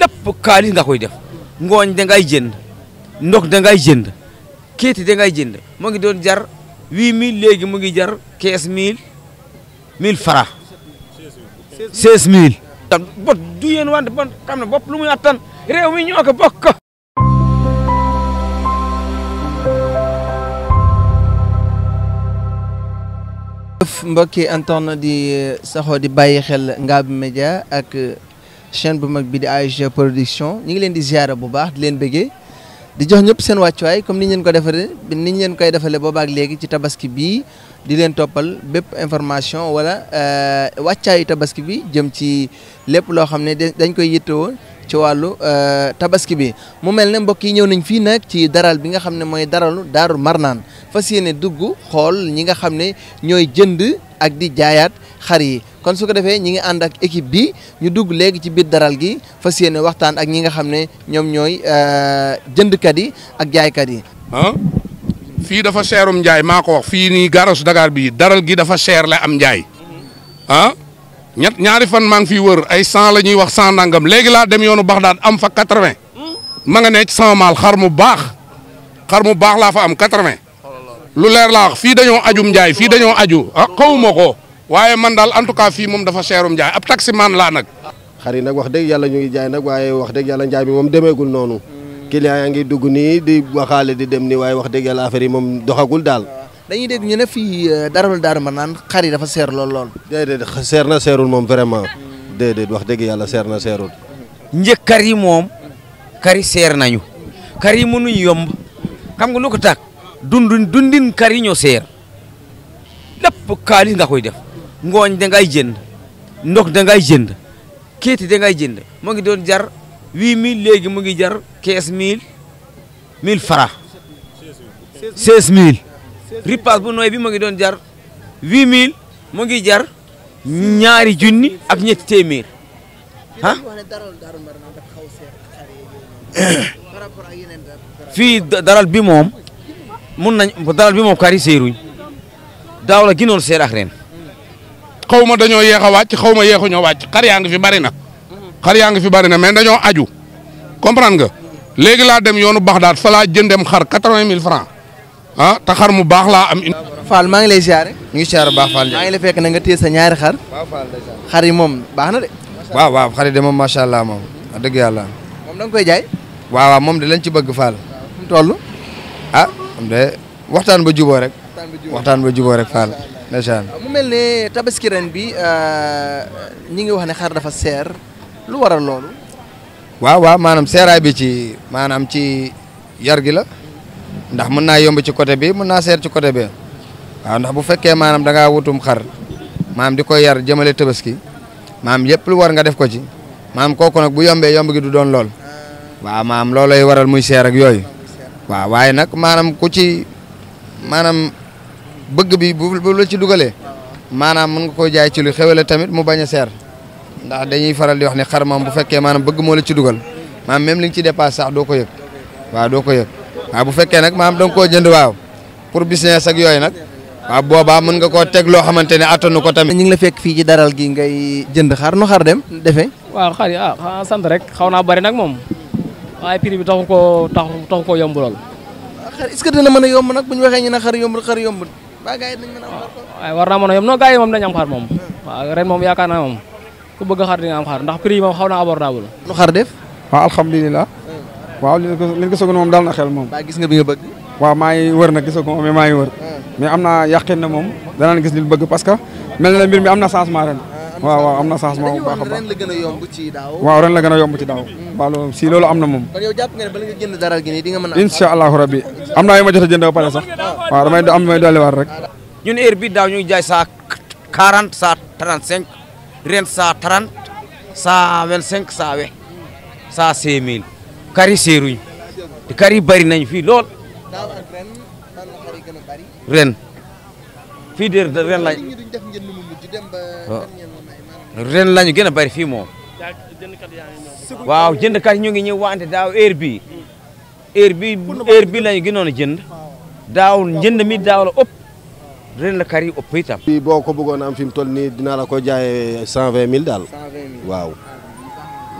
lepp kaalis nga koy def ngoñ da ngay jënd ndox da ngay jënd kéeti da ngay jënd mo ngi doon jar 8000 légui mo ngi jar 15000 1000 francs 16000 tam bot du yeen wand bon xamna bop lu muy attan rew mi ñoko bok mbokki antoon di eh, saxoo di bàyyi xel Ngab Média ak chaîne bu mag bi di ASG production ñu ngi leen di ziara bu baax di leen bëggee di jox ñëpp seen wàccuwaay comme ni ñu ko defaree ni ñu leen koy defalee boobaak léegi ci tabaski bii di leen toppal bépp information wala euh, wàccaayu tabaski bi jëm ci lépp loo xam ne dañ koy yittewoo ci wàllu euh, tabaski bi mu mel ne mbokk yi ñëw nañ fii nag ci daral bi nga xam ne mooy daralu daaru marnaan fas yéene dugg xool ñi nga xam ne ñooy jënd ak di jaayaat xar yi kon su ko defee ñi ngi and ak équipe bi ñu dugg légui ci biir daral gi fassiyene waxtaan ak ñi nga xam ne ñoom ñooy euh, jëndkat yi ak jaaykat yi. han ah? fi dafa seerum jaay mako wax fi ni garage dagar bi daral gi dafa seer la am jaay han ah? ñat ñaari fan maa ngi fiy wër ay 100 la ñuy wax 100 nangam légui la dem yoonu baghdad am fa 80 ma nga ne ci 100 mal xar mu baax xar mu baax laa fa am 80 lu leer la wax fi dañoo aju njaay fi dañoo aju ah xawuma waye man dal en tout cas fi mom dafa seerum jaay ab taxi man la nak xari nak wax deug yalla ñu ngi jaay nak waye wax deug yalla jaay bi mom demegul nonu client ya ngi dugg ni di waxale di dem ni waye wax deug yalla affaire yi mom doxagul dal dañuy dégg ñu ne fi euh, daral dar man nan xari dafa seer lool lool. déedéet seer na seerul mom vraiment déedéet wax deug yalla seer na seerul. njëg kari yi moom kar nañu kari yi yomb xam nga lu ko dundin dundin kari ñoo nga koy def ngoñ da ngay jënd ndox da ngay jënd kéti da ngay jënd mo ngi doon jar 8000 légui mo ngi jar 15000 1000 francs 16000 ripaas bu noy bi mo ngi doon jar 8000 mo ngi jar ñaari junni ak ñetti témir ha fi daral bi mom, mun nañ daral bi mom kari seeruñ daawla la ginoon seer ak ren xaw ma dañoo yéex a wàcc xaw ma yéexuñoo wàcc xar yaa ngi fi bari na xar yaa ngi fi bari na mais dañoo aju comprendre nga léegi laa dem yoonu Baxdaad fa laa jëndem xar quatre-vingt mille francs ah te xar mu baax laa am. Fall maa ngi lay siyaare. mu ngi siyaare baax Fall maa ngi lay fekk na nga téye sa ñaari xar. xar yi moom baax na de. waaw waaw xar yi de moom macha allah moom. wax dëgg yàlla. moom koy jaay. waaw moom de lañ ci bëgg Fall. mu toll. ah xam de waxtaan ba juboo rek. waxtaan ba juboo rek Fall. Ah, mu mel ne tabaski ren bi euh, ñi ngi wax ne xar dafa seer lu waral loolu. waaw waaw maanaam seeraay bi ci maanaam ci yar gi la ndax mën naa yomb ci côté bi mën naa seer ci côté bi waaw ndax bu fekkee maanaam da ngaa wutum xar maam di koy yar jëmale tabaski maam yëpp lu war nga def ko ci maam kooku nag bu yombee yomb gi du doon lool waaw maam loolay waral muy seer ak yooyu waaw waaye nag maanaam ku ci maanaam. bëgg bi bu bu la ci duggalé ah. manam mën nga ko jaay ci lu xewele tamit mu baña ser ndax dañuy faral di wax ni xarmam bu fekke manam bëgg mo la ci duggal manam même li nga ci dépassé sax do ko yëk wa do ko yëk wa bu fekke nak manam dang ko jënd waaw pour business ak yoy nak wa boba mën nga ko teg lo xamanteni ne ko tamit. ñi ngi la fekk fi ci daral gi ngay jënd xar nu xar dem défé wa xar ya ah sant rek xawna bari nak mom waaye prix bi taxu ko taxu taxu koo yomb xar est-ce que dina mëna yomb nak buñ waxé ñina xar yombul xar yombul. ba gars yi nañ mën a am xar waaw war naa mën a yem non gars yi moom dañ am xar moom waaw ren moom yaakaar naa moom ku bëgg xar di nga am xar ndax prix yi moom xaw na abordable nu xar def waaw alhamdulilah hmm. waaw li ñu gisagoon moom daal na xel moom ba gis wër nag gisagu mais maa wër hmm. mais am naa yàqin ne moom danaan gis li bëgg parce que mel na mbir mi am na changement waaw waaw am na changement bu baax a baax ren la gën a yomb ci daaw waaw ren la gën a yomb ci daaw waaw loolu si loolu am na moom kon yow jàpp nga ne nga jënd dara gi nii di nga mën a rabbi am naa yu jënd ba pare sax waaw damay am damay dolliwaat rek ñun heure bi daw ñu ngi jaay saa 40 sa 35 ren sa 30 sa 25 sa we sa 5000 kari seeruñ te kari bari nañ fii lool daaw ak ren ban kari gën bari ren fii de ren lañ ren lañu gën a bari fii moo waaw jëndkat yi ñu ngi ñëw wante daaw heure bii. heure bii heure bii lañu gënoon a jënd. daaw njënd mi daaw la ëpp. ren la kar yi ëpp itam. fii boo ko bëggoon am fi mu toll nii dinaa la ko jaayee cent mille daal. waaw.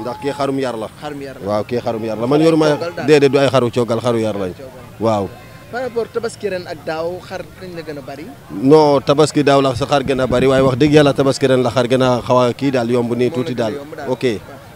ndax kii xarum yar la. xarum yar la waaw kii xarum yar la man yoruma déedéet du ay xaru coogal xaru yar lañ waaw. par rapport tabaski ren ak daaw xar dañ la gën bari. non tabaski daaw la sa xar gën bari waaye wax dëgg yàlla tabaski ren la xar gën a xaw a yomb nii tuuti daal ok.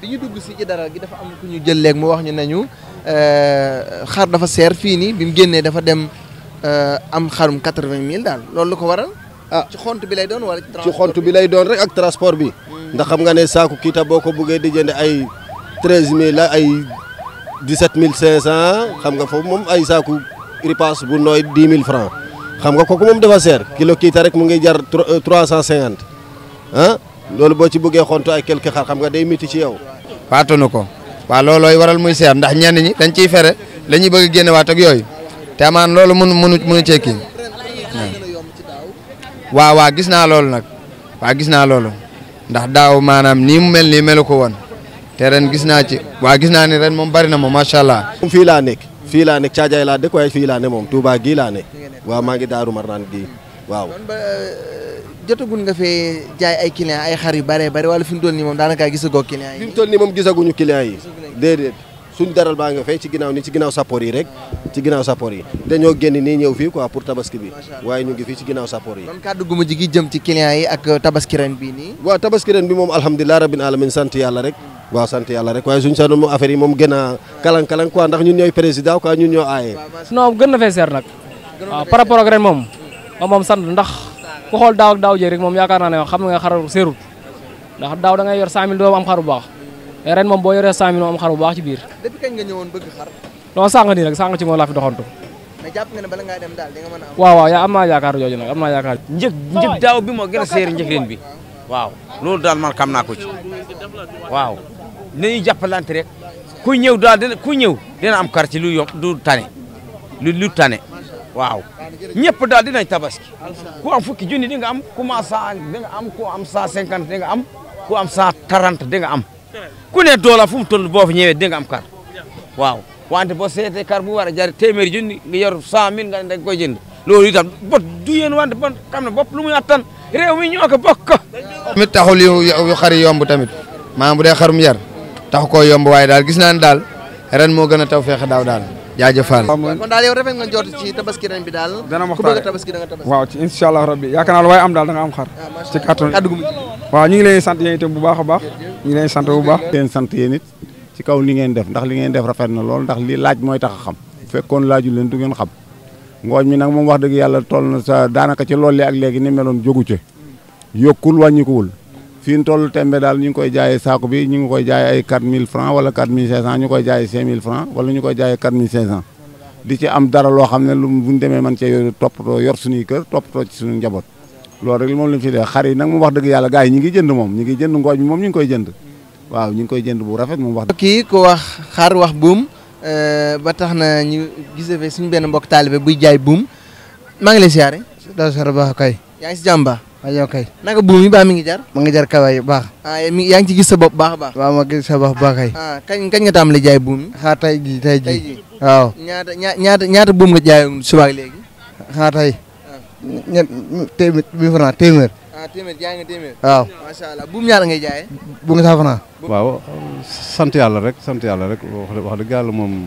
bi dugg ci dara gi dafa am ku ñu jël mu wax ñu nañu euh, xar dafa dafa dem euh, am xarum quatre-vingt loolu ko waral. ah ci xont bi lay doon wala ci xont bi lay doon rek ak transport bi. Hmm. ndax xam nga ne di jënd ay treize mille ay dix xam nga ay saku ripaas bu noy 10000 francs xam nga koku mom dafa kilo ta rek mu ngay jar 350 ah lolou bo ci bëggee xontu ay quelques xar xam nga day miti ci yow faatunu ko waaw waral muy seer ndax ñen ñi dañ ciy fere lañu bëgg génne waat ak yoy té man lolou mënu mënu mënu cee kii wa waaw gis na lolou nak wa gis na lolou ndax daaw manam ni mu mel meluko won té ren gis na ci wa gis na ni ren mom bari na machallah fii laa nekk caajaay laa dëkk waaye fii laa moom Touba gii laa ne waaw maa ngi daaru marnaan gii waaw kon ba euh, jotagul nga fee jaay ay client ay xar yu bare bare wala fi mu toll nii moom daanaka gisagoo client yi fi mu toll nii moom gisaguñu client yi déedéet suñ daral baa nga fay ci ginnaaw nii ci ginnaaw yi rek ci ginnaaw sappoor yi dañoo génn ni ñëw fii quoi pour tabaski bi waaye ñu ngi fii ci ginnaaw sappoor yi kon kàddu gu mujj gi jëm ci client yi ak tabaski ren bi nii waaw tabaski ren bi moom alhamdulilah rabbil alamin sant yàlla rek wa sant yalla rek way suñu sañoon moom affaire yi mom gëna kalan kalan quoi ndax ñun ñoy président quoi ñun ñoy aaye. non gën na fee seer nag. Ah, par rapport ak ren mom mom sant ndax ku xol daw ak daw jéeg rek mom yaakaar na né xam nga xaru seerut ndax daw da ngay yor 100000 do am xaru bax baax ren moom boo yoree 100000 am xaru bax ci biir. depuis kañ nga ñëwoon bëgg xar. non sang ni rek sang ci mo la fi doxantu. mais japp nga ne bala nga dem dal di nga mëna am. waaw waaw ya am naa yaakaar joju nak am naa yaakaar. njëg njëg daw bi mo gëna sér seer njëg ren bi waaw loolu dal man kam na ko ci waaw nañuy jappalante rek ku ñew dal dina ku ñew dina am quartier lu yomb du tane lu lu tane waaw ñepp dal dinañ tabaski ku am fukki jooni di nga am ku ma cent di nga am ku am 150 di nga am ku am cent di nga am ku ne dola fu mu toll fi ñewé di nga am kar waaw wante bo sété kar bu wara a jar téeméeri junni nga yor 100000 nga dag koy jënd lolu itam bot du yeen wante bon xamna bop lu muy attan rew mi ñoko bokk. mi taxul yu xari yomb tamit maam bu xarum yar. tax ko yomb waaye daal gis naa ne daal ren moo gën a taw feexe daaw daal jaajëfal kon daal rafet nga jot ci tabaski ren bi daal dana ma ku bëgg a tabaski da nga tabaski waaw ci insha allah rabbi yaakaar naa waaye am daal da nga am xar ah, ci kàttan waaw ñu ngi leen sant yéen itam bu baax a baax ñu ngi leen sant bu baax sant yéen it ci kaw li ngeen def ndax li ngeen def rafet na lool ndax li laaj mooy tax a xam fekkoon laaju leen du ngeen xam ngooñ mi nag moom wax dëgg yàlla toll na sa daanaka ci lool li ak léegi ni meloon jógu ci yokkul wàññikuwul fii ñu toll tembe daal ñu ngi koy jaayee saako bi ñu ngi koy jaayee ay 4000 francs wala 4500 ñu koy jaayee 5000 francs wala ñu koy jaayee 4500 di ci am dara loo xam ne lu bu ñu demee man cee toppatoo yor suñuy kër toppatoo ci suñu njaboot loolu rek moom la ñu fi dee xar yi nag moom wax dëgg yàlla gars yi ñu ngi jënd moom ñu ngi jënd ngooñ bi moom ñu ngi koy jënd waaw ñu ngi koy jënd bu rafet moom wax kii ku wax xar wax buum euh, ba tax na ñu gisee suñu benn mbokk taalibe buy jaay buum maa ngi lay siyaare daa sar baax kay yaa waaw ah, yow kay naka buum baax mi ngi jar ma ngi jar kawaay baax ah yaa ngi ci gis sa bopp baax baax waaw ma gis sa bopp ah, kañ nga taam la jaay buum yi ah, tey jii tey jii waaw ñaata ñaata ñaata buum nga jaay subaak léegi xaa tey ñett téeméer mille franc téeméer ah téeméer jaay nga waaw buum ñaata ngay jaaye bu nga saa waaw sant yàlla rek sant yàlla rek wax dëgg yàlla moom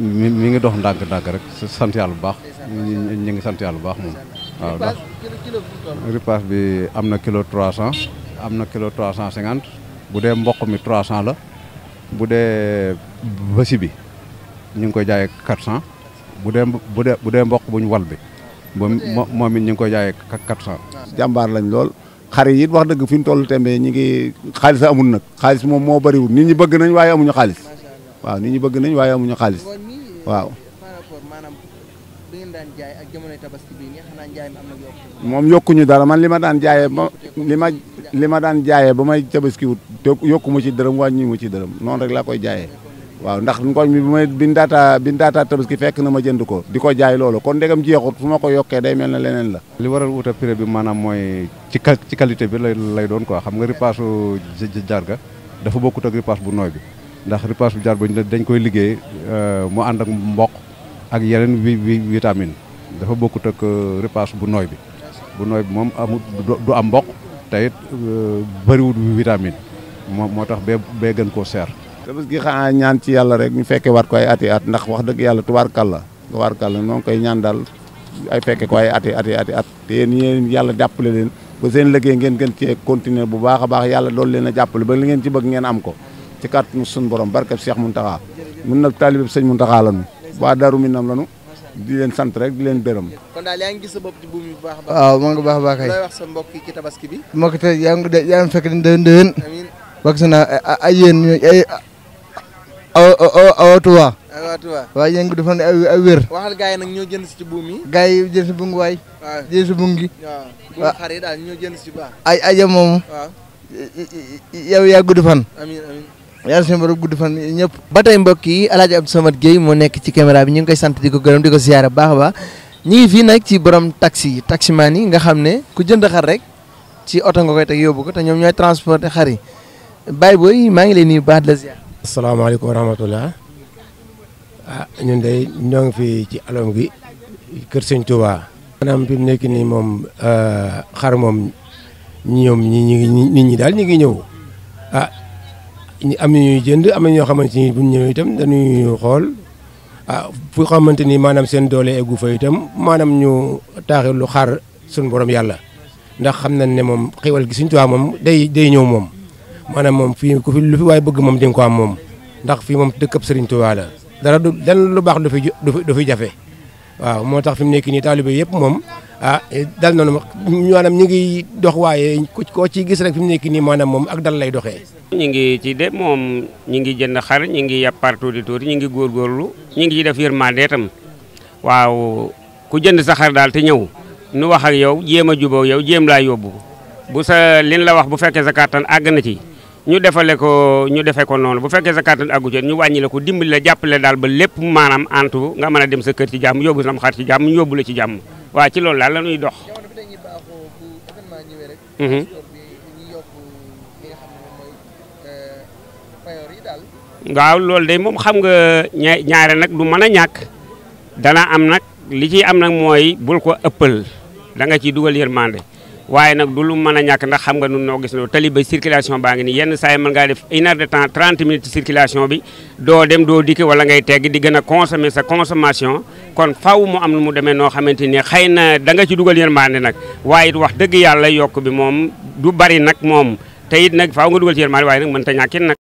mi ngi dox ndànk ndànk rek sant bu baax ñu ngi sant yàlla baax moom waaw ndax bi am na kilo 300 am na kilo 350 bu dee mboq mi 300 la bu dee basi bi ñu ngi koy jaayee 400 bu dee bu dee bu dee mboq bu ñu wal bi moom it ñu ngi koy jaayee 400. jàmbaar lañ lool xar yit wax dëgg fi mu toll tembee ñi ngi xaalis amul nag xaalis moom moo bëriwul nit ñi bëgg nañ waaye amuñu xaalis waaw nit ñi bëgg nañ waaye amuñu xaalis waaw. ngeen daan na moom yokkuñu dara man li ma daan jaayee ba li ma li ma daan jaayee ba may tabaski wut yokku ma ci dërëm wàññi ma ci dërëm noonu rek laa koy jaayee. waaw ndax ngooñ mi bi may bi bindaataa bi ndaataa tabaski fekk na ma jënd ko di ko jaay loolu kon ndegam jeexut fu ma ko yokkee day mel na leneen la li waral wuta prix bi maanaam mooy ci ci qualité bi lay lay doon quoi xam nga ripaasu jarga dafa bokkut ak ripaas bu nooy bi ndax ripaas bu jaar ba dañ koy liggéey euh, mu ànd ak mboq ak yeneen vitamine dafa bokkut ak euh, repas bu nooy bi bu nooy bi moom amul du am mboq te it euh, bëriwul vitamine moom moo tax bee bee gën koo seer. tabaski gi xanaa ñaan ci yàlla rek ñu fekke war ko ay ati at ndax wax dëgg yàlla tu tubaarkàlla tubaarkàlla noo ngi koy ñaan daal ay fekke ko ay ati ati ati at te yéen yàlla jàppale leen ba seen liggéey ngeen gën cee continuer bu baaxa baax yàlla loolu leen a jàppale ba li ngeen ci bëgg ngeen am ko ci kàttanu suñu borom barke Cheikh Mountakha mun nag taalibe Sëñ Mountakha lañu waa Darou Minam lanu di leen sant rek di leen gërëm. kon daal yaa ngi gis sa bopp ci buum bi bu baax a baax. waaw maa ngi baax a baax kay. looy bi. mbokk te yaa ngi de yaa ngi fekk dañu doon déwén. amiin wax na ay yéen ay awa awa awa Touba. awa a ngi defoon ay yi nag ñoo jënd si ci buum yi. gars yi jënd si buum waay. waaw jënd si buum gi. si baax. ay ay moom. waaw yow yaa fan. yàlla suñu borom gudd fan ñëpp ba tey mbokk yi alaaji Abdou Samad Gueye moo nekk ci caméra bi ñu ngi koy sant di ko gërëm di ko ziyaara baax a baax ñu ngi ci borom taxi yi taximaan yi nga xam ne ku jënd xar rek ci oto nga koy teg yóbbu ko te ñoom ñooy transporter xar yi Baye Boy maa ngi lay nuyu baax la ziyaar asalaamaaleykum wa rahmatullah ah ñun ci alom gi kër Touba ah, xar ñi ñi nit ñi ngi ah am na ñuy jënd am na ñoo xamante ni bu ñu dañuy xool ah fu xamante ni maanaam seen doole eggu fa itam maanaam ñu taaxir lu xaar suñu borom yàlla ndax xam nañ ne moom xéwal gi suñu tubaab moom day day ñëw moom maanaam moom fii ku fi lu fi waaye bëgg moom di ko am moom ndax fii moom dëkkab Sëriñ Tuubaa la dara du lenn lu baax du fi du fi jafe waaw moo tax fi mu nekk nii taalibe yëpp moom. ah eh, dal noonu ma maanaam ñu ngi dox waaye koo ci gis rek fi mu nekk nii maanaam moom ak dal lay doxee. ñu ngi ci de moom ñu ngi jënd xar ñu ngi yab partout di tuuti ñu ngi góorgóorlu ñu ngi def yërmande itam waaw ku jënd sa daal te ñëw nu wax ak yow jéem a jubóo yaw jéem laa yóbbu bu sa lin la wax bu fekkee sa kàttan àgg na ci. ñu defale ko ñu defee ko noonu bu fekkee sa kàttan àggu ci ñu wàññi la ko dimbali la jàppale daal ba lépp maanaam antu nga mën a dem sa kër ci jàmm yóbbu sam xar ci jàmm yóbbu la ci jàmm waaw ci loolu daal la dox. Mhm. Euh, waaw loolu de moom xam nga ñaare nag du mën a ñàkk dana am nag li ciy am nag mooy bul ko ëppal danga ciy dugal yërmande waaye nag du lu mën a ñàkk ndax xam nga nun noo gis loolu tali ba circulation baa ngi nii yenn saa yi mën ngaa def une heure de temps 30 minutes bi doo dem doo dikk wala ngay tegg di gën a consommer sa consommation kon faw mu am lu mu demee noo xamante ni xëy na da nga ci dugal yërmande nag waaye it wax dëgg yàlla yokk bi moom du bari nag moom te it nag faaw nga dugal ci yërmande waaye nag mën ta ñàkkin nag